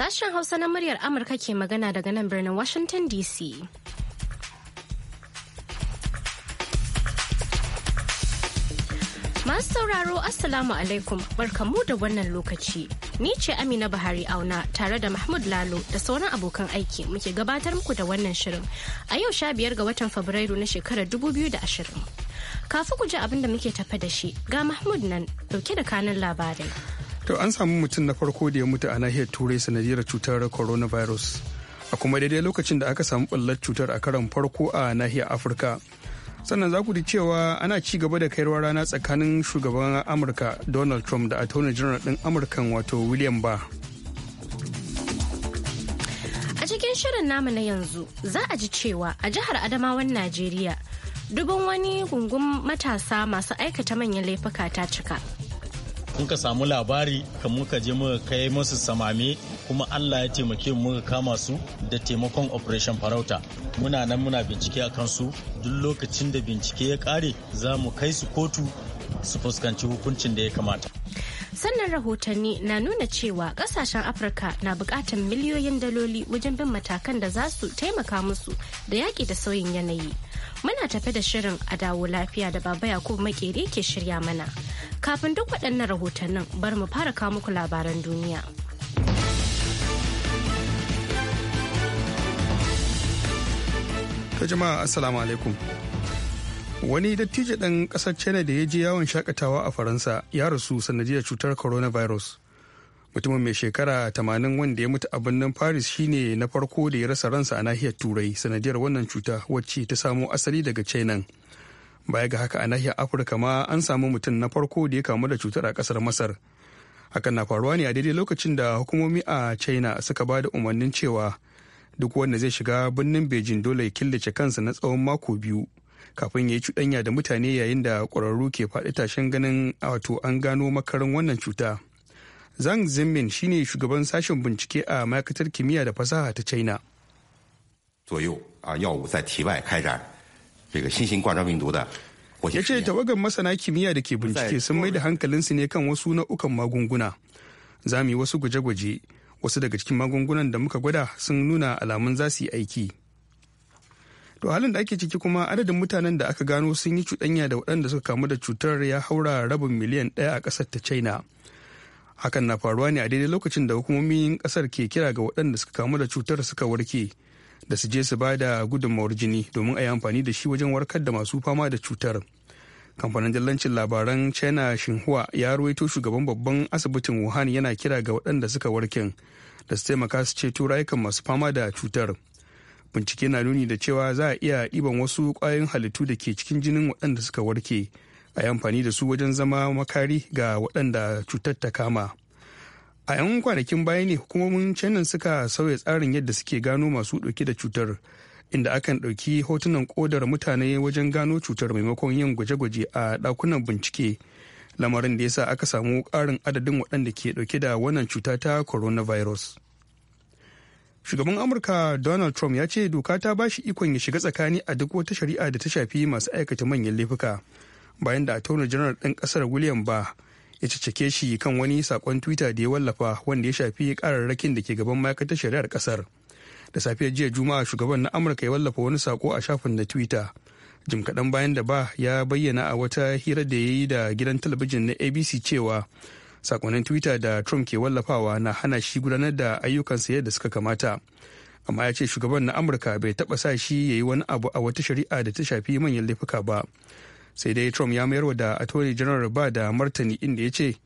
Sashen Hausa na muryar Amurka ke magana daga nan birnin Washington DC. Masu sauraro Assalamu alaikum barkamu da wannan lokaci. Ni ce Amina Buhari Auna tare da Mahmud Lalo da sauran abokan aiki muke gabatar muku da wannan shirin a yau sha biyar ga watan Fabrairu na shekarar dubu biyu da ashirin. Kafin ku ji abin da muke tafa da shi ga Mahmud nan dauke da kanin labarai. To an samu mutum na farko da ya mutu a nahiyar Turai sanadiyar cutar coronavirus. A kuma daidai lokacin da aka samu ɓallar cutar a karon farko a nahiyar Afirka. Sannan za ku ji cewa ana ci gaba da kaiwa rana tsakanin shugaban Amurka Donald Trump da Attorney General ɗin Amurkan wato William Barr. A cikin shirin namu na yanzu za a ji cewa a jihar Adamawan Najeriya dubin wani gungun matasa masu aikata manyan laifuka ta cika. ka samu labari kan muka je muka kai musu samame kuma allah ya taimake mu muka kama su da taimakon operation farauta muna nan muna bincike a su duk lokacin da bincike ya kare za mu kai su kotu su fuskanci hukuncin da ya kamata sannan rahotanni na nuna cewa kasashen afirka na bukatar miliyoyin daloli wajen bin matakan da za su taimaka musu da yaƙi da sauyin yanayi Muna tafe da shirin a dawo lafiya da Baba Yakubu makere ke shirya mana. Kafin duk waɗannan rahotannin bar mu fara kawo muku labaran duniya. Ta jama'a Assalamu alaikum. Wani dattijo ɗan ƙasar China da ya je yawon shakatawa a Faransa ya rasu sanadiyar cutar coronavirus. mutumin mai shekara 80 wanda ya mutu a birnin paris shine na farko da ya rasa ransa a nahiyar turai sanadiyar wannan cuta wacce ta samo asali daga china baya ga haka a nahiyar afirka ma an samu mutum na farko da ya kamu da cutar a kasar masar hakan na faruwa ne a daidai lokacin da hukumomi a china suka ba da umarnin cewa duk wanda zai shiga birnin beijing dole ya killace kansa na tsawon mako biyu kafin ya yi cuɗanya da mutane yayin da ƙwararru ke faɗi tashin ganin wato an gano makarin wannan cuta. zhang zemin shine shugaban sashen bincike a ma'aikatar kimiyya da fasaha ta china ya ce tawagar masana kimiyya da ke bincike sun mai da hankalinsu ne kan wasu nau'ukan magunguna za mu yi wasu gwaje-gwaje wasu daga cikin magungunan da muka gwada sun nuna alamun za su yi aiki to halin da ake ciki kuma adadin mutanen da aka gano sun yi cuɗanya da waɗanda suka kamu da cutar ya haura rabin miliyan ɗaya a ƙasar ta china hakan na faruwa ne a daidai lokacin da hukumomin kasar ke kira ga waɗanda suka kamu da cutar suka warke da su je su ba da gudunmawar jini domin a yi amfani da shi wajen warkar da masu fama da cutar kamfanin jallancin labaran china shinhua ya ruwaito shugaban babban asibitin wuhan yana kira ga waɗanda suka warken da su taimaka su ceto rayukan masu fama da cutar bincike na nuni da cewa za a iya ɗiban wasu ƙwayoyin halittu da ke cikin jinin waɗanda suka warke a yi amfani da su wajen zama makari ga waɗanda cutar ta kama a 'yan kwanakin baya ne hukumomin china suka sauya tsarin yadda suke gano masu ɗauke da cutar inda akan ɗauki hotunan kodar mutane wajen gano cutar maimakon yin gwaje-gwaje a ɗakunan bincike lamarin da yasa aka samu ƙarin adadin waɗanda ke ɗauke da wannan cuta ta coronavirus shugaban amurka donald trump ya ce doka ta ba shi ikon ya shiga tsakani a duk wata shari'a da ta shafi masu aikata manyan laifuka bayan da attorney general ɗin ƙasar william ba ya cike shi kan wani sakon twitter da ya wallafa wanda ya shafi kararrakin da ke gaban ma'aikatar shari'ar ƙasar. da safiyar jiya juma'a shugaban na amurka ya wallafa wani sako a shafin na twitter jim kaɗan bayan da ba ya bayyana a wata hira da ya yi da gidan talabijin na abc cewa sakonnin twitter da trump ke wallafawa na hana shi gudanar da ayyukansa yadda suka kamata amma ya ce shugaban na amurka bai taɓa sa shi ya yi wani abu a wata shari'a da ta shafi manyan laifuka ba sai dai trump ya mayarwa da attorney general ba da martani inda ya ce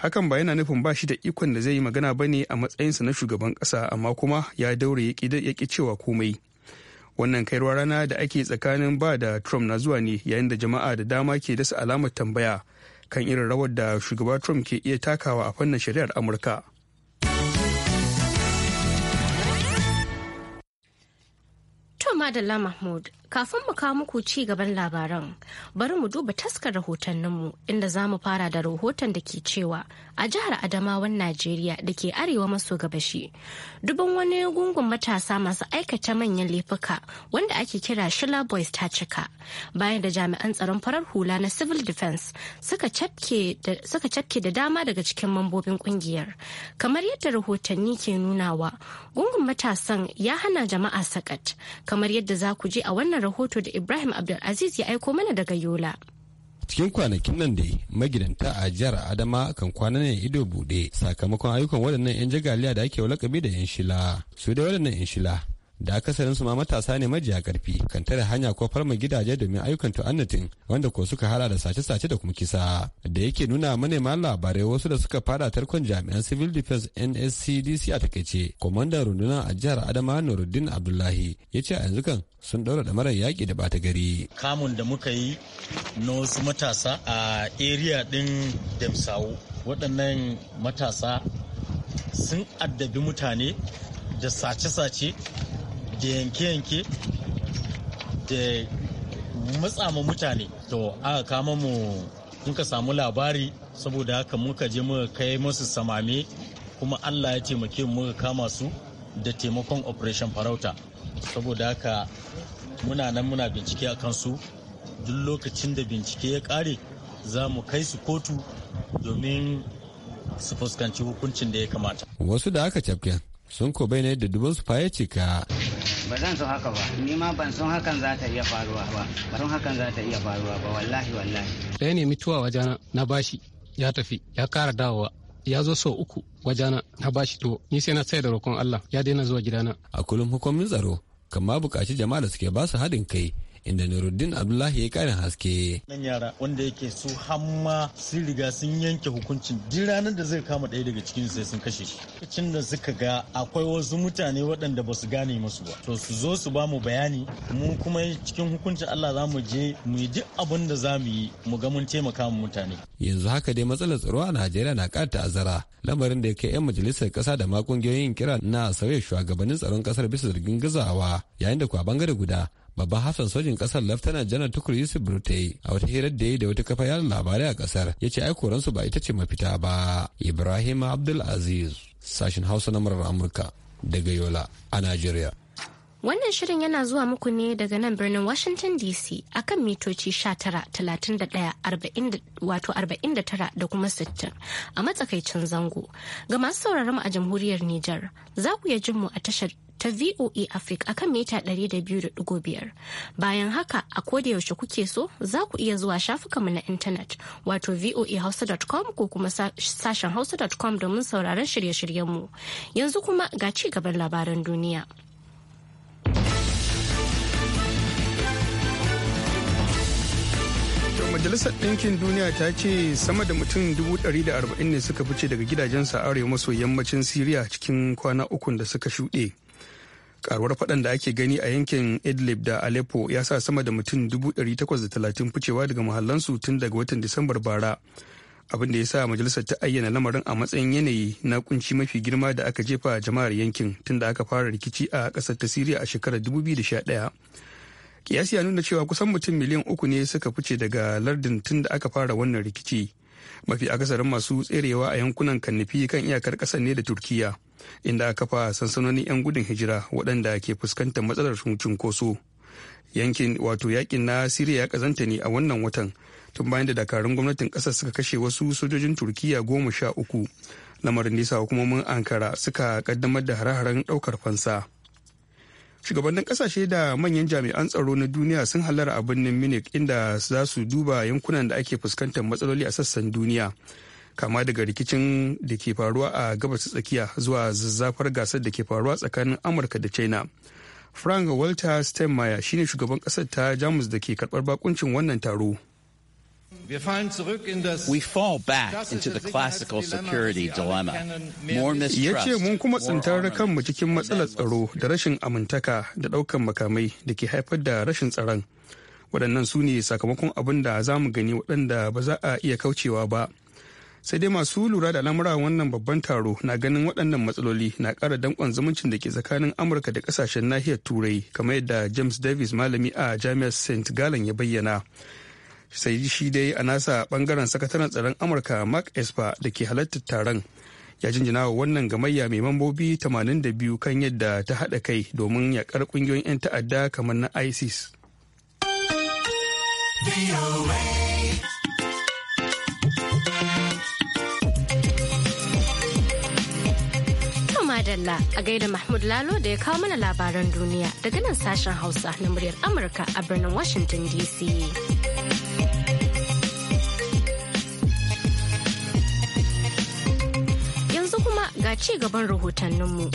hakan ba yana nufin ba shi da ikon da zai yi magana ba ne a matsayinsa na shugaban kasa amma kuma ya daure ya ƙi cewa komai wannan kairuwar rana da ake tsakanin ba da trump na zuwa ne yayin da jama'a da dama ke dasa alamar tambaya kan irin rawar da shugaba trump ke iya takawa a fannin shari'ar amurka to madalla mahmud Kafin mu kawo muku ci gaban labaran, bari mu duba taskar rahotanninmu inda za mu fara da rahoton da ke cewa a jihar Adamawan Najeriya da ke arewa maso gabashi. Dubin wani gungun matasa masu aikata manyan laifuka wanda ake kira Shila Boys ta cika bayan da jami'an tsaron farar hula na Civil Defense suka cafke da dama daga cikin mambobin kungiyar. Kamar yadda rahotanni ke nunawa, gungun matasan ya hana jama'a sakat kamar yadda za ku je a wannan wannan rahoto da Ibrahim Abdulaziz ya aiko mana daga Yola. cikin kwanakin nan dai magidanta a jihar adama kan kwana ne ido bude sakamakon ayyukan waɗannan 'yan jagaliya da ake lakabi da 'yan shila su da waɗannan 'yan shila da akasarin su ma matasa ne majiya karfi kan tare hanya ko farma gidaje domin ayyukan tu'annatin wanda ko suka hada da sace-sace da kuma kisa da yake nuna manema labarai wasu da suka fada tarkon jami'an civil defense nscdc a takaice kwamandan rundunar a jihar adama nuruddin abdullahi ya ce a yanzu kan sun daura da marar yaƙi da bata gari kamun da muka yi na wasu matasa a area din demsawo waɗannan matasa sun addabi mutane da sace-sace da yanke-yanke da matsama mutane to aka kama mu muka samu labari saboda haka muka je muka kai musu samame kuma allah ya taimake mu muka kama su da taimakon operation farauta saboda haka muna nan muna bincike a kansu duk lokacin da bincike ya kare za mu kai su kotu domin su fuskanci hukuncin da ya kamata wasu da aka cafke sun ko bayyana yadda dubansu fa ya cika ba zan so haka ba ni ma ban san hakan za ta iya faruwa ba ba san hakan za ta iya faruwa ba wallahi wallahi da ya nemi tuwa wajana na bashi ya tafi ya kara dawowa ya zo sau uku wajana na bashi tuwo ni sai na tsaye da roƙon Allah ya daina zuwa gidana a kullum hukumin tsaro kan ma buƙaci jama'a da suke ba su haɗin kai inda nuruddin abdullahi ya karin haske nan yara wanda yake su hamma sun riga sun yanke hukuncin duk ranar da zai kama ɗaya daga cikin sai sun kashe shi da suka ga akwai wasu mutane waɗanda ba su gane musu ba to su zo su ba mu bayani mu kuma cikin hukuncin Allah za mu je mu yi duk abin da za mu yi mu ga mun taimaka mu mutane yanzu haka dai matsalar tsaro a Najeriya na ƙara ta'azzara lamarin da ya kai 'yan majalisar ƙasa da ma kiran kira na sauya shugabannin tsaron ƙasar bisa zargin gazawa yayin da kwa bangare guda babban hafsan sojin kasar Laftana janar tukur yusuf brute a wata hirar da ya yi da wata kafa yaran labarai a kasar ya ce aikoransu ba ita ce mafita ba ibrahim abdul aziz sashen hausa na murar amurka daga yola a najeriya Wannan shirin yana zuwa muku ne daga nan birnin Washington DC akan mitoci 19-31-49 da kuma 60 a matsakaicin zango. Ga masu sauraron a jamhuriyar Nijar, za ku ya jin mu a tashar ta VOA e Africa akan mita 200.5. Bayan haka a yaushe kuke so za ku iya zuwa shafukanmu na intanet wato voahausa.com e ko kuma sashen hausa.com domin sauraron shirye-shiryenmu. Yanzu kuma ga ci gaban labaran duniya. majalisar ɗinkin duniya ta ce sama da mutum 140 ne suka fice daga gidajensu a arewa maso yammacin siriya cikin kwana ukun da suka shuɗe. karuwar faɗan da ake gani a yankin idlib da aleppo ya sa sama da mutum 830 ficewa daga muhallansu tun daga watan disambar bara abin da ya sa majalisar ta ayyana lamarin a matsayin yanayi na kunci mafi girma da aka jefa jama'ar yankin tun da aka fara rikici a ƙasar ta siriya a shekarar 2011 kiyasi ya nuna cewa kusan mutum miliyan uku ne suka fice daga lardin tun da aka fara wannan rikici mafi akasarin masu tserewa a yankunan kannifi kan iyakar ƙasar ne da Turkiyya. inda aka fa sansanonin 'yan gudun hijira waɗanda ke fuskantar matsalar cunkoso yankin wato yakin na siriya ya kazanta ne a wannan watan tun bayan da dakarun gwamnatin ƙasar suka kashe wasu sojojin turkiya goma sha uku lamarin nisa hukumomin ankara suka kaddamar da hare-haren ɗaukar fansa shugabannin ƙasashe da manyan jami'an tsaro na duniya sun halara a birnin munich inda za su duba yankunan da ake fuskantar matsaloli a sassan duniya kama daga rikicin da ke faruwa a gabas tsakiya zuwa zazzafar gasar da ke faruwa tsakanin amurka da china frank walter steinmeier shine shugaban kasar ta jamus da ke karbar bakuncin wannan taro We fall back into the classical security dilemma. More mistrust. Ya ce mun kuma tsintar kanmu cikin matsalar tsaro da rashin amintaka da ɗaukan makamai da ke haifar da rashin tsaron. Waɗannan su ne sakamakon abin da za mu gani waɗanda ba za a iya kaucewa ba. sai dai masu lura da al'amura wannan babban taro na ganin waɗannan matsaloli na ƙara danƙon zumuncin da ke tsakanin amurka da ƙasashen nahiyar turai kamar yadda james davis malami a jami'ar st gallen ya bayyana sai shi dai a nasa ɓangaren sakataren tsaron amurka mark esper da ke halartar taron ya jinjina wa wannan gamayya mai mambobi 82 kan yadda ta haɗa kai domin yaƙar ƙungiyoyin 'yan ta'adda kamar na isis. Adalla a gaida Mahmud Lalo da ya kawo mana labaran duniya daga nan sashen Hausa na muryar Amurka a birnin Washington DC. Yanzu kuma ga ci gaban rahotanninmu.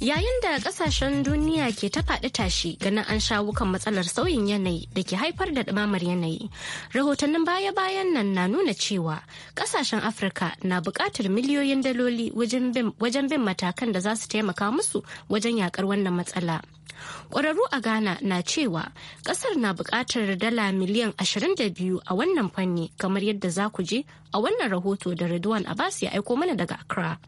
Yayin da kasashen duniya ke ta faɗi tashi ganin an shawo kan matsalar sauyin yanayi da ke haifar da ɗumamar yanayi. Rahotannin baya-bayan nan na nuna cewa kasashen Afirka na buƙatar miliyoyin daloli wajen bin matakan da za su taimaka musu wajen yakar wannan matsala. Ƙwararru a Ghana na cewa ƙasar na buƙatar dala miliyan 22 a wannan fanni kamar yadda za ku je a wannan rahoto da Ridwan Abbas ya aiko mana daga Accra.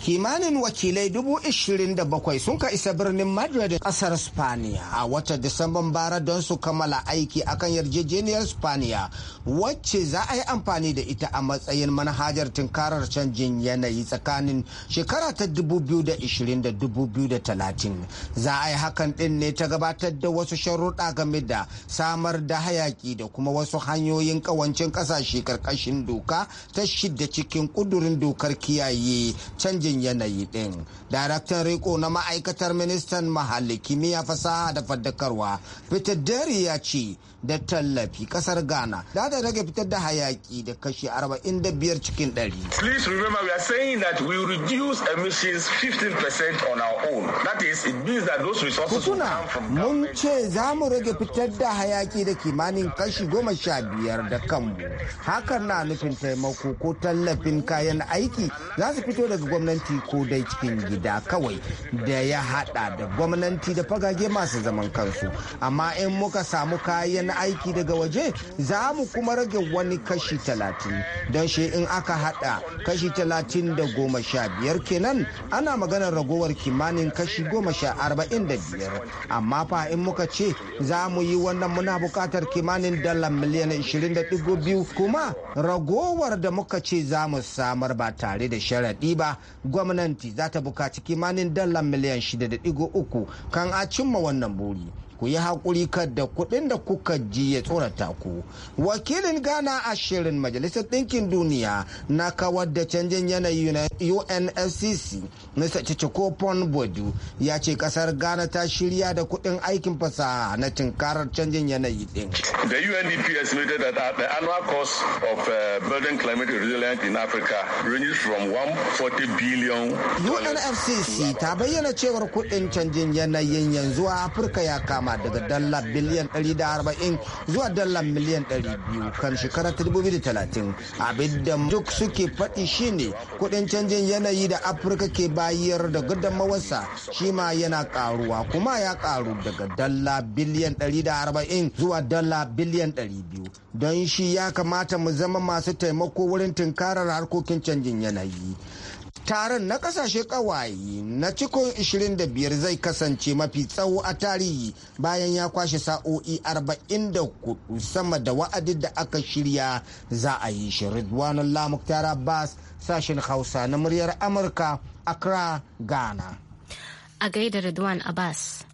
kimanin wakilai dubu ishirin sun ka isa birnin madrid kasar spaniya a watan disamban bara don su kammala aiki akan yarjejeniyar spaniya wacce za a yi amfani da ita a matsayin manhajar tunkarar canjin yanayi tsakanin shekara ta 2020 da 2030 za a yi hakan din ne ta gabatar da wasu sharuɗa game da samar da hayaki da kuma wasu hanyoyin kawancin ƙasashe ƙarƙashin doka ta shidda cikin ƙudurin dokar kiyaye canjin canjin yanayi ɗin. Daraktan riko na ma'aikatar ministan mahalli kimiyya fasaha da faddakarwa Peter Derry ya ce da tallafi kasar Ghana da ta rage fitar da hayaki da kashi 45 cikin 100. Please remember we are saying that we reduce emissions 15% on our own. That is it means that those resources will come from mun ce za mu rage fitar da hayaki da kimanin kashi 15 da kanmu. Hakan na nufin taimako ko tallafin kayan aiki za su fito daga gwamnati gwamnati ko dai cikin gida kawai da ya hada da gwamnati da fagage masu zaman kansu amma in muka samu kayan aiki daga waje za mu kuma rage wani kashi talatin don shi in aka hada kashi talatin da goma sha biyar kenan ana maganar ragowar kimanin kashi goma sha arba'in da biyar amma fa in muka ce za mu yi wannan muna buƙatar kimanin dala miliyan 20.2 kuma ragowar da muka ce za mu samar ba tare da sharaɗi ba gwamnati za ta buƙaci kimanin dala miliyan 6.3 kan a cimma wannan buri ku yi haƙuri da kuɗin da kuka ji ya tsorata ku wakilin ghana a shirin majalisar ɗinkin duniya na kawar da canjin yanayi na unscc mr chichikopon bodu ya ce ƙasar ghana ta shirya da kuɗin aikin fasaha na tinkarar canjin yanayi ɗin the undp estimated that the annual cost of uh, building climate resilience in africa ranges from 140 billion unfcc ta bayyana cewar kuɗin canjin yanayin yanzu a afirka ya kama sama daga dala biliyan 140 zuwa dala miliyan 200 kan shekara 2030 abinda duk suke faɗi shine kuɗin canjin yanayi da afirka ke bayar da gudunmawarsa shi ma yana karuwa kuma ya karu daga dala biliyan 140 zuwa dala biliyan 200 don shi ya kamata mu zama masu taimako wurin tunkarar harkokin canjin yanayi taron na kasashe kawai na cikon 25 zai kasance mafi tsawo a tarihi bayan ya kwashe sa'o'i 44 sama da wa'adin da aka shirya za a yi shi ridwanul lamuktar abbas sashen hausa na muryar amurka accra ghana a gaida ridwan abbas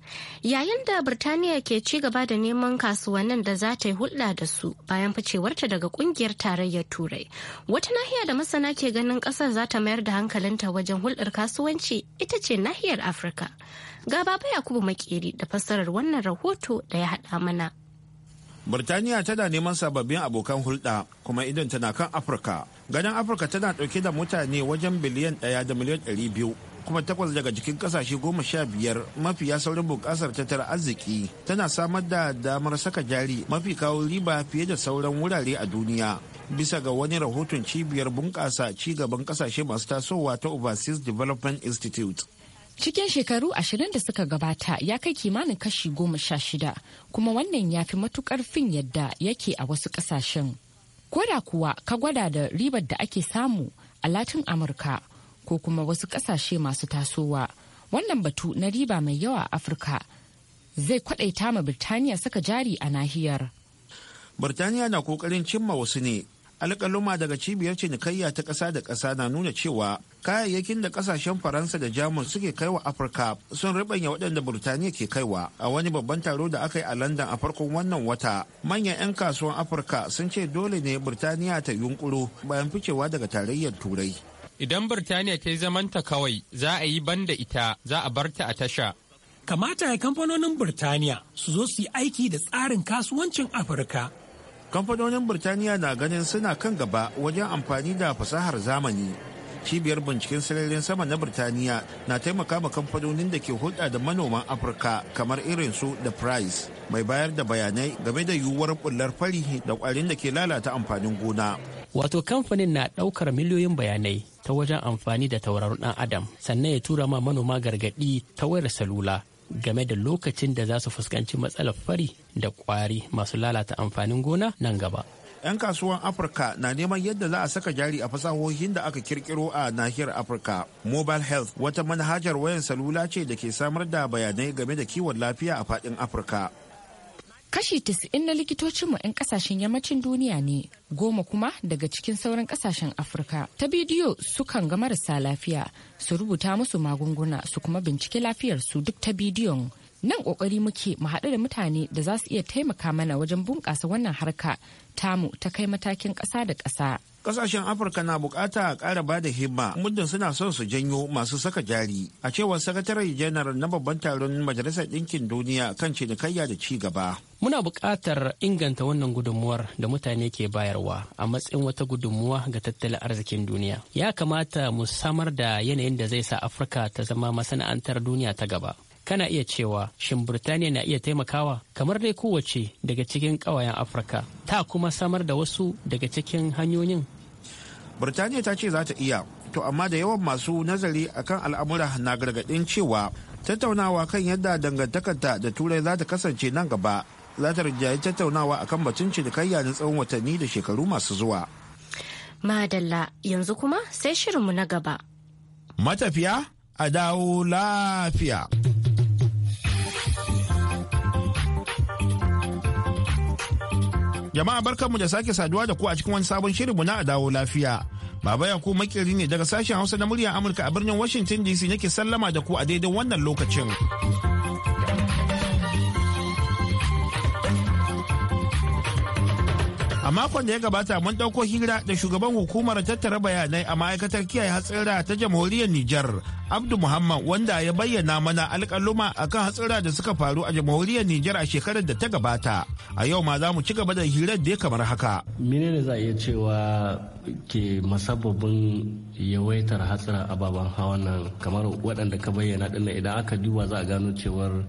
Yayin da Birtaniya ke ci gaba da neman kasuwannin da za ta yi hulɗa da su bayan ficewarta daga kungiyar tarayyar Turai. Wata nahiya da masana ke ganin ƙasar za ta mayar da hankalinta wajen hulɗar kasuwanci ita ce nahiyar Afirka. Ga Baba Yakubu Makeri da fassarar wannan rahoto da ya haɗa mana. Birtaniya tana neman sababbin abokan hulɗa kuma idan tana kan Afirka. Ganin Afirka tana ɗauke da mutane wajen biliyan ɗaya da miliyan ɗari biyu kuma takwas daga cikin kasashe goma sha biyar mafiya saurin bunƙasar tattara arziki tana samar da damar saka jari mafi kawo riba fiye da sauran wurare a duniya bisa ga wani rahoton cibiyar bunƙasa ci gaban kasashe masu tasowa ta overseas development institute cikin shekaru ashirin da suka gabata ya kai kimanin kashi goma sha shida kuma wannan ya fi matukar fin yadda yake a wasu kasashen koda kuwa ka gwada da ribar da ake samu a latin amurka ko kuma wasu kasashe masu tasowa wannan batu na riba mai yawa a afirka zai kwadaita ma birtaniya saka jari a nahiyar birtaniya na kokarin cimma wasu ne Alkaluma daga cibiyar cinikayya ta ƙasa da ƙasa na nuna cewa kayayyakin da ƙasashen faransa da jamus suke kaiwa afirka sun ribanya waɗanda burtaniya ke kaiwa a wani babban taro da aka yi a london a farkon wannan wata manyan 'yan kasuwan afirka sun ce dole ne burtaniya ta yunkuro bayan ficewa daga tarayyar turai Idan Birtaniya ta yi zamanta kawai za a yi banda ita za a bar ta a tasha. Kamata ya kamfanonin Birtaniya su zo su yi aiki da tsarin kasuwancin Afirka. Kamfanonin Birtaniya na ganin suna kan gaba wajen amfani da fasahar zamani. Cibiyar binciken sararin sama na Birtaniya na taimaka ma kamfanonin da ke hulɗa da manoman Afirka kamar irin su da Price mai bayar da bayanai game da yiwuwar bullar fari da ƙwarin da ke lalata amfanin gona. Wato kamfanin na ɗaukar miliyoyin bayanai ta wajen amfani da tauraron ɗan adam sannan ya tura ma manoma gargaɗi ta wayar salula game da lokacin da za su fuskanci matsalar fari da ƙwari masu lalata amfanin gona nan gaba. 'Yan kasuwan Afirka na neman yadda za a saka jari a fasahohin da aka kirkiro a nahiyar Afirka. Mobile Health wata manhajar wayan salula ce da ke samar da bayanai game da kiwon lafiya a faɗin Afirka. Kashi 90 na likitocinmu 'yan kasashen yammacin duniya ne, goma kuma daga cikin sauran kasashen Afirka. Ta bidiyo sukan ga marasa lafiya, su rubuta musu magunguna su kuma bincike lafiyarsu duk ta bidiyon. Nan kokari muke mu haɗu da mutane da za su iya taimaka mana wajen bunƙasa wannan harka tamu ta kai matakin ƙasa da ƙasa. kasashen afirka na bukata a kara ba da himma muddin suna son su janyo masu saka jari a cewar sakataren janar na babban taron majalisar ɗinkin duniya kan cinikayya da ci gaba muna buƙatar inganta wannan gudunmuwar da mutane ke bayarwa a matsayin wata gudunmuwa ga tattalin arzikin duniya ya kamata mu samar da yanayin da zai sa afirka ta zama masana'antar duniya ta gaba kana iya cewa shin Burtaniya na iya taimakawa kamar dai kowace daga cikin ƙawayen Afirka ta kuma samar da wasu daga cikin hanyoyin birtaniya ta ce za ta iya to amma da yawan masu nazari akan al'amura na gargaɗin cewa tattaunawa kan yadda dangantakarta da turai za ta kasance nan gaba za ta rinjaye tattaunawa akan batun cinikayya na tsawon watanni da shekaru masu zuwa madalla yanzu kuma sai shirinmu na gaba matafiya a dawo lafiya jama'a barkanmu da sake saduwa da ku a cikin wani sabon shirinmu na a dawo lafiya Baba Yakubu makeri ne daga sashen Hausa na muryar Amurka a birnin Washington DC nake sallama da ku a daidai wannan lokacin. makon da ya gabata mun dauko hira da shugaban hukumar tattara bayanai a ma'aikatar kiyaye hatsira ta jamhuriyar Nijar, Abdu Muhammad wanda ya bayyana mana alƙaluma akan hatsira da suka faru a jamhuriyar Nijar a shekarar da ta gabata. A yau ma za mu ci gaba da hirar da ya kamar haka. Menene za a iya cewa ke masababin yawaitar hatsira ababen hawa nan kamar waɗanda ka bayyana ɗin idan aka duba za a gano cewar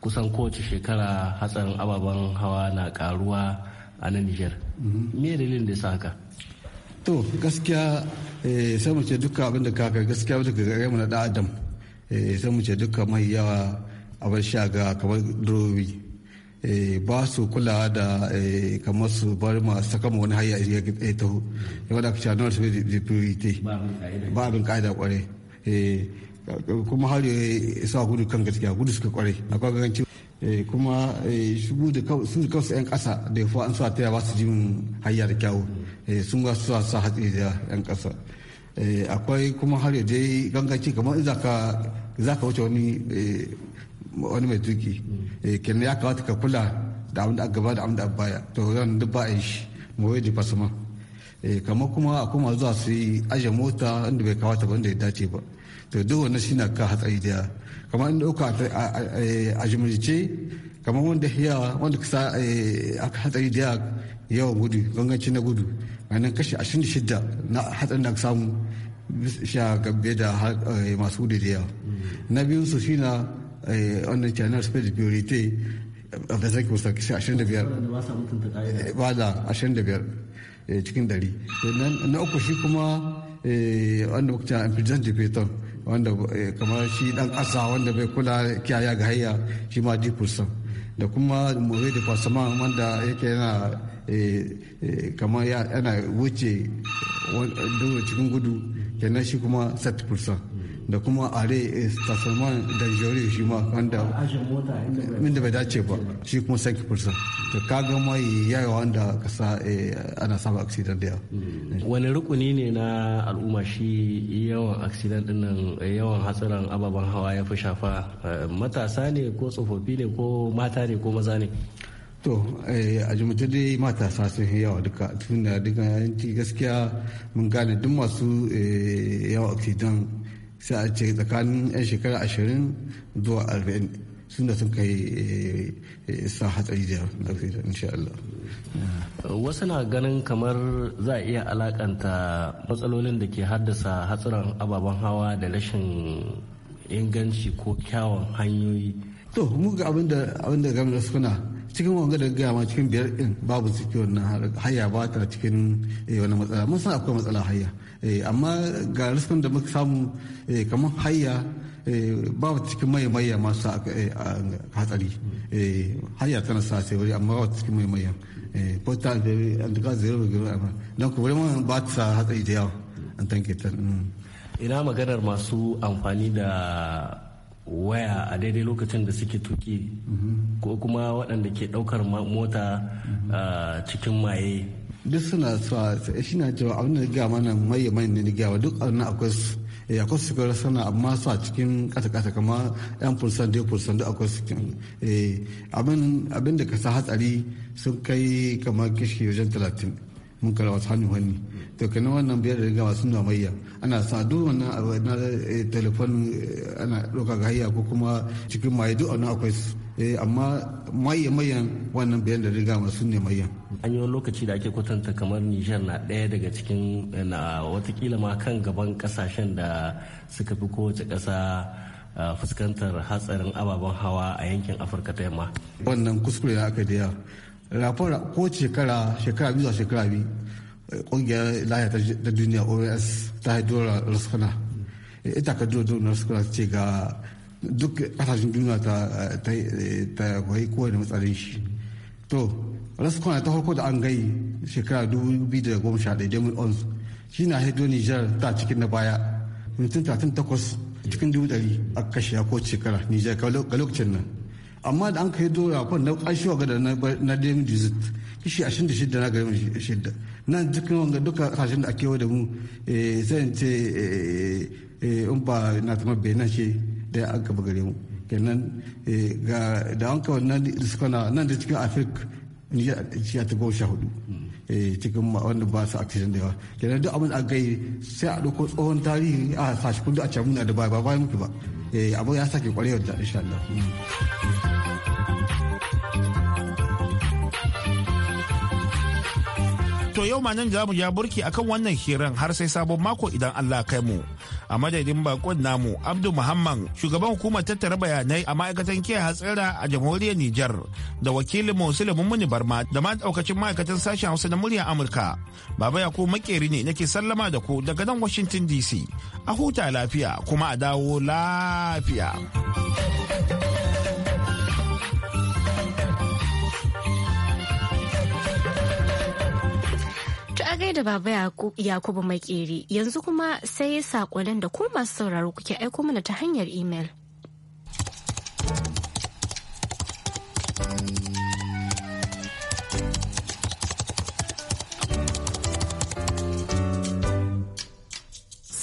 kusan kowace shekara hatsarin ababen hawa na karuwa a nan Nijar. Mhm. Me dalilin da sa haka? To gaskiya eh, sai mu ce duka abin da kaka gaskiya daga gare mu na da Adam eh, sai mu ce duka mai yawa a bar shaga kamar durobi eh, ba su kulawa da kamar su bar ma saka wani haya ya taho ya wada ka cewa su da priority ba abin ka'ida kware kuma har yau sa gudu kan gaskiya gudu suka kware akwai ganci Eh, kuma eh, shigo da su da yan kasa da ya an suwa taya ba su jimin hayya da kyawu eh, sun ga su sa hatsi da yan kasa akwai kuma har yaje ganganci kamar in za ka wuce wani wani mai tuki kenan ya kawata ka kula da abin da aka gaba da abin da baya to zan duk ba a yi shi mawai jifa sama Eh, kamar kuma a kuma zuwa su yi aje mota inda bai kawata ba ya dace ba to duk wannan shi na ka hatsari da kamar inda uka a jimilce kamar wanda ya wanda kusa eh, aka hatsari da yawan gudu ganganci na gudu ganin kashi 26 na hatsarin da aka samu sha gabbe da eh, masu gudu da yawa na biyu su shi na wannan channel space priority a da zaki wasu kashi 25 ba da 25 Eh, cikin dari eh, na uku shi kuma eh, wanda muka cewa impeachment defeator wanda kamar shi dan kasa wanda bai kula kiyaya ga hayya shi ma di da kuma mure da fasama wanda yake yana kamar yana wuce cikin gudu kenan shi kuma 30% da kuma are salman da jori shi ma wanda inda bai dace ba shi kuma sanki fursa to kaga ma yayi wanda kasa eh, ana samun accident da yawa hmm. wani rukuni ne na al'umma shi yawan accident dinnan eh, yawan hatsarin ababen hawa ya fi shafa eh, matasa ne ko tsofaffi ne ko mata ne ko maza ne to a jimita dai matasa sun yi yawa duka tun da duka gaskiya mun gane duk masu yawa oksidan sai a ce tsakanin 'yan shekara ashirin zuwa arba'in sun da sun kai eh, eh, sa hatsari da insha Allah. Eh, wasu na ganin kamar za a iya alakanta matsalolin da ke haddasa hatsuran ababen hawa da rashin inganci ko kyawun hanyoyi to mu ga abin da gamar suna cikin wanga da gama cikin biyar din babu cikin wannan haya ba ta cikin wani matsala mun san akwai matsala haya Eh, amma ga rufin da muka samu eh, kamar hayya eh, ba cikin maye maye masu hatsari hayya tana sa sai wuri amma ba cikin maye maye ko ta da an da zai rage rai amma dan ku wurin ba ta sa hatsari da yawa an tanke ta mm. ina maganar masu amfani da waya a daidai lokacin da suke tuki mm-hmm. ko kuma waɗanda ke ɗaukar mota mm-hmm. ah, cikin maye duk suna suwa eh, shi na cewa abin da ga mana mai mai ne gawa duk abin akwai su ya eh, akwai su kawai sana amma su a cikin kasa kasa kama yan fursan da fursan da akwai su eh, abin da ka sa hatsari sun kai kamar kishi wajen talatin mun kala wasu hannu hannu to kenan wannan biyar da rigawa sun mayya ana sa duk wannan abu na eh, telefon eh, ana ɗauka ga hayya ko kuma cikin maye duk wannan akwai su eh, amma maye mayan wannan biyar da riga sun ne mayyan. an yi wani lokaci da ake kwatanta kamar nijar na ɗaya daga cikin na watakila ma kan gaban kasashen da suka fi kowace ƙasa fuskantar hatsarin ababen hawa a yankin afirka ta yamma wannan kuskure da aka da rafin ko shekara shekara biyu shekara biyu eh, kungiyar lahiya ta duniya ors ta haidora raskana ita eh, ka dora raskana ce ga duk kasashen duniya ta kwayi da matsalin shi to raskana ta harko da an gai shekara 2011 damon ons shi na haido nijar ta cikin na baya mintin 38 cikin 200 a kashe ko shekara nijar ga lokacin nan amma da an kai dora kwan na ƙashi ga da na dem dizit kishi ashirin da shidda na gari shidda nan dukkan wanga duka kashin da ake da mu zan eh, ce eh, eh, in ba na tuma benin ce da ya gaba gare mu kenan ga da an kawai nan da suka na nan da cikin afirka nijar ta goma sha hudu Eh, cikin wanda ba su accident da yawa kenan duk abin da sai a ɗauko tsohon tarihi a sashi kudu a camuna da ba ba muku ba abu ya sake kwarewar da insha Allah. To yau ma nan za mu ja burki akan wannan hiran har sai sabon mako idan Allah kai mu. a madadin bakon namu abdu muhammad shugaban hukumar tattara bayanai a ma'aikatan kiyaye hatsira a jamhuriyar nijar da wakilin musulmin muni barma da ma daukacin ma'aikatan sashen hausa na muryar amurka baba Yako makeri ne nake sallama da ku daga nan washington dc a huta lafiya kuma a dawo lafiya. a gaida baba Yakubu Makeri yanzu kuma sai saƙonin da ku masu sauraro kuke aiko mana ta hanyar imel.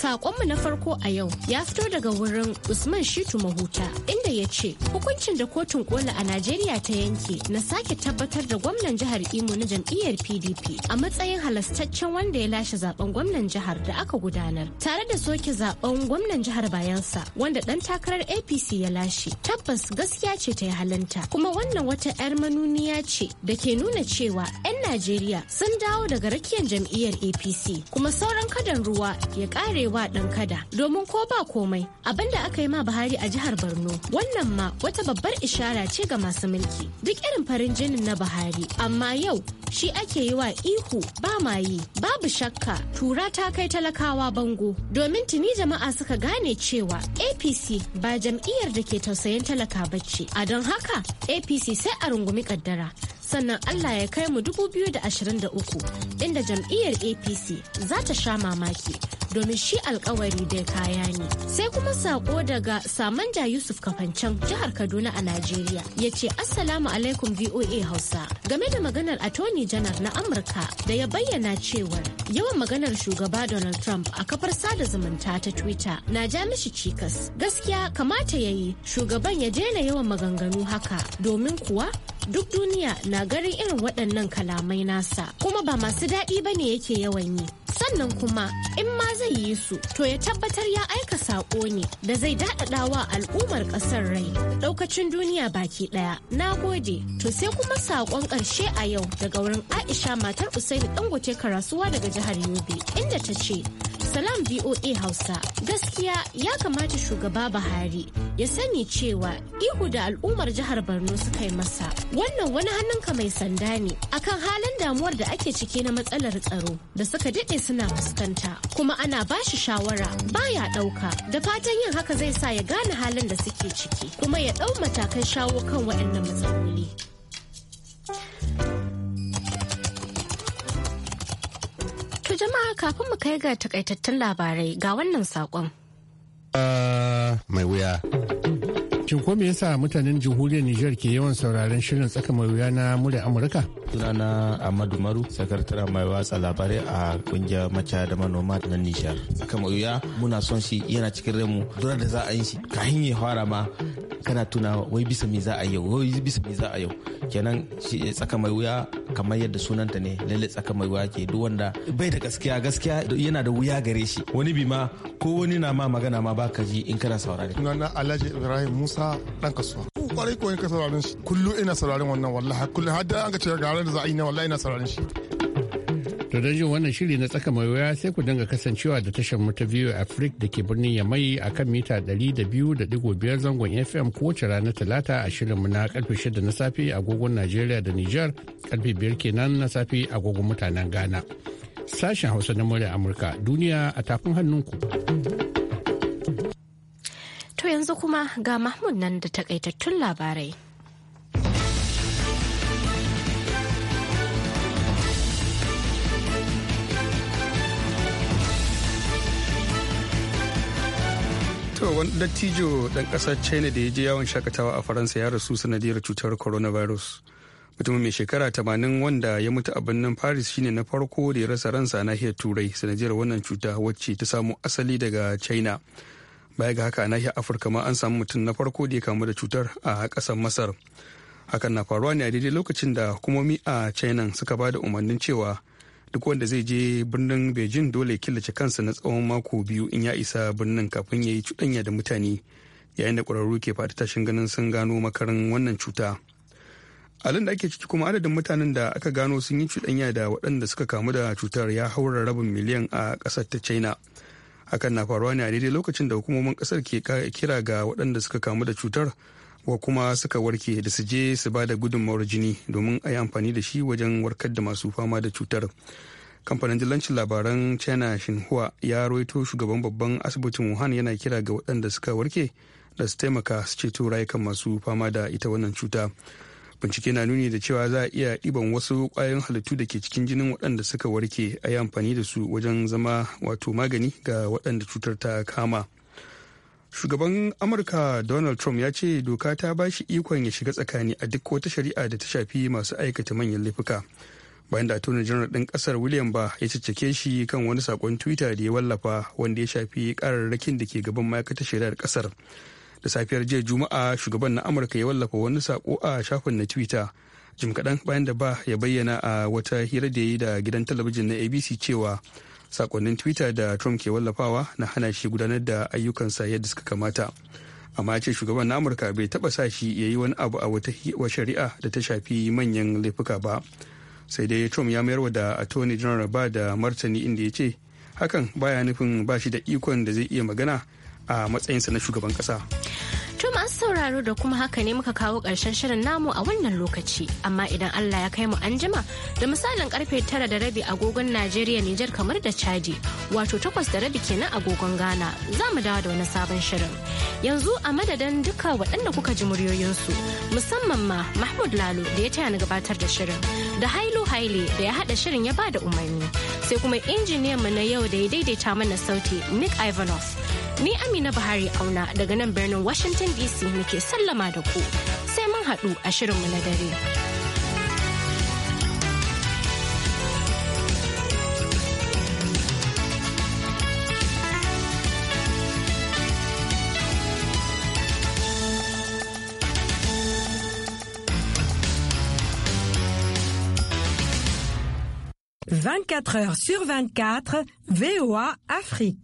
Sakonmu na farko a yau ya fito daga wurin Usman Shitu Mahuta inda ya ce hukuncin da kotun kola a Najeriya ta yanke na sake tabbatar da gwamnan jihar Imo na jam'iyyar PDP a matsayin halastaccen wanda ya lashe zaben gwamnan jihar da aka gudanar tare da soke zaben gwamnan jihar bayansa wanda dan takarar APC ya lashe tabbas gaskiya ce ta yi halinta kuma wannan wata 'yar manuniya ce da ke nuna cewa 'yan Najeriya sun dawo daga rakiyar jam'iyyar APC kuma sauran kadan ruwa ya kare wa ɗan kada domin ko ba komai abin da aka yi ma Buhari a jihar Borno wannan ma wata babbar ishara ce ga masu mulki duk irin farin jinin na Buhari amma yau shi ake yi wa ihu ba ma yi babu shakka tura ta kai talakawa bango domin tuni jama'a suka gane cewa APC ba jam'iyyar da ke tausayin talaka bacci a don haka APC sai a rungumi kaddara sannan Allah ya kai mu dubu da uku inda jam'iyyar APC za ta sha mamaki domin shi alkawari dai kaya ne. Sai kuma sako daga Samanja Yusuf Kafancan jihar Kaduna a Najeriya ya ce Assalamu alaikum VOA Hausa game da maganar Attorney General na Amurka da ya bayyana cewar yawan maganar shugaba Donald Trump a kafar sada zumunta ta Twitter na ja mishi cikas. Gaskiya kamata ya yi shugaban ya daina yawan maganganu haka domin kuwa duk duniya na garin irin waɗannan kalamai nasa kuma ba masu daɗi ba ne yake yawan yi sannan kuma in ma zai yi su to ya tabbatar ya aika saƙo ne da zai daɗaɗa wa al'ummar ƙasar rai ɗaukacin duniya baki ɗaya na gode to sai kuma saƙon ƙarshe a yau daga wurin aisha matar usaini dangote karasuwa daga jihar yobe inda ta ce Salam VOA Hausa. Gaskiya ya kamata shugaba Buhari ya sani cewa ihu da al'ummar jihar Borno suka yi masa. Wannan wani hannunka mai sanda ne akan halin damuwar da ake ciki na matsalar tsaro da suka daɗe suna fuskanta. Kuma ana ba shi shawara baya ɗauka da fatan yin haka zai sa ya gane halin da suke ciki kuma ya ɗau matakan shawo kan waɗannan matsaloli. To jama'a kafin mu kai ga takaitattun labarai ga wannan saƙon. Ah, mai wuya. Shin ko me yasa mutanen jamhuriyar Nijar ke yawan sauraron shirin tsaka mai wuya na murya Amurka? Sunana Ahmadu Maru, sakataren mai watsa labarai a kungiyar maca da manoma na Nijar. Tsaka mai wuya muna son shi yana cikin mu. dole da za a yi shi kahin ya fara ma kana tuna wai bisa me za a yau wai bisa me za a yau kenan eh, tsaka mai wuya kamar yadda sunanta ne lalle tsaka mai wuya ke duk wanda bai da gaskiya gaskiya yana da wuya gare shi wani bi ma ko wani na ma magana ma baka ji in kana saurare sunana Alhaji Ibrahim Musa ka dan kasuwa kwarai ko ka sauraron shi kullu ina sauraron wannan wallahi kullu har da an ga cewa ga da za a yi na wallahi ina sauraron shi To don jin wannan shiri na tsaka mai wuya sai ku dinga kasancewa da tashar mu ta biyu Afrik da ke birnin Yamai a kan mita 200.5 zangon FM kowace rana talata a mu na karfe 6 na safe agogon Najeriya da Nijar karfe 5 kenan na safe agogon mutanen Ghana. Sashen Hausa na murya Amurka duniya a tafin hannunku. To yanzu kuma ga Mahmud nan da takaitattun labarai. wani dattijo dan ƙasar China da ya je yawon shakatawa a Faransa ya rasu sanadiyar cutar coronavirus. Mutumin mai shekara tamanin wanda ya mutu a birnin Paris shine na farko da ya rasa ransa a nahiyar Turai sanadiyar wannan cuta wacce ta samo asali daga China. baya ga haka a nahiyar afirka ma an samu mutum na farko da ya kamu da cutar a kasar masar hakan na faruwa ne a daidai lokacin da hukumomi a china suka ba da umarnin cewa duk wanda zai je birnin beijing dole killace kansa na tsawon mako biyu in ya isa birnin kafin ya yi cuɗanya da mutane yayin da ƙwararru ke faɗi tashin ganin sun gano makarin wannan cuta alin da ake ciki kuma adadin mutanen da aka gano sun yi cuɗanya da waɗanda suka kamu da cutar ya haura rabin miliyan a ƙasar ta china hakan na faruwa ne a daidai lokacin da hukumomin kasar ke kira ga waɗanda suka kamu da cutar wa kuma suka warke da su je su ba da gudunmawar jini domin a yi amfani da shi wajen warkar da masu fama da cutar kamfanin dillancin labaran china shinhua ya roito shugaban babban asibitin wuhan yana kira ga waɗanda suka warke da su taimaka su ceto rayukan masu fama da ita wannan cuta bincike na nuni da cewa za a iya ɗiban wasu ƙwayoyin halittu da ke cikin jinin waɗanda suka warke a yi amfani da su wajen zama wato magani ga waɗanda cutar ta kama shugaban amurka donald trump ya ce doka ta ba shi ikon ya shiga tsakani a duk wata shari'a da ta shafi masu aikata manyan laifuka bayan da attorney janar ɗin ƙasar william ba ya caccake shi kan wani saƙon twitter da ya wallafa wanda ya shafi ƙararrakin da ke gaban ma'aikatar shari'ar ƙasar da safiyar jiya juma'a shugaban na amurka ya wallafa wani sako a shafin na twitter jim kaɗan bayan da ba ya bayyana a wata hira da ya yi da gidan talabijin na abc cewa sakonnin twitter da trump ke wallafawa na hana shi gudanar da ayyukansa yadda suka kamata amma ya ce shugaban na amurka bai taba sa shi ya yi wani abu a wata shari'a da ta shafi manyan laifuka ba sai dai trump ya mayarwa da attorney general ba da martani inda ya ce hakan baya nufin ba shi da ikon da zai iya magana a matsayinsa na shugaban kasa. To masu sauraro da kuma haka ne muka kawo ƙarshen shirin namu a wannan lokaci, amma idan Allah ya kai mu an jima da misalin karfe tara da rabi agogon Najeriya Nijar kamar da Chadi, wato takwas da rabi kenan agogon Ghana za mu dawo da wani sabon shirin. Yanzu a madadin duka waɗanda kuka ji muryoyinsu, musamman ma Mahmud Lalo da ya taya ni gabatar da shirin, da Hailu Haile da ya haɗa shirin ya ba da umarni, sai kuma injiniyan mu na yau da ya daidaita mana sauti Nick Ivanov. Ni Amina Bahari auna daga nan birnin Washington DC muke sallama da ku sai mun haɗu a shirinmu na dare. « Vingt-quatre heures sur vingt-quatre, VOA Afrique.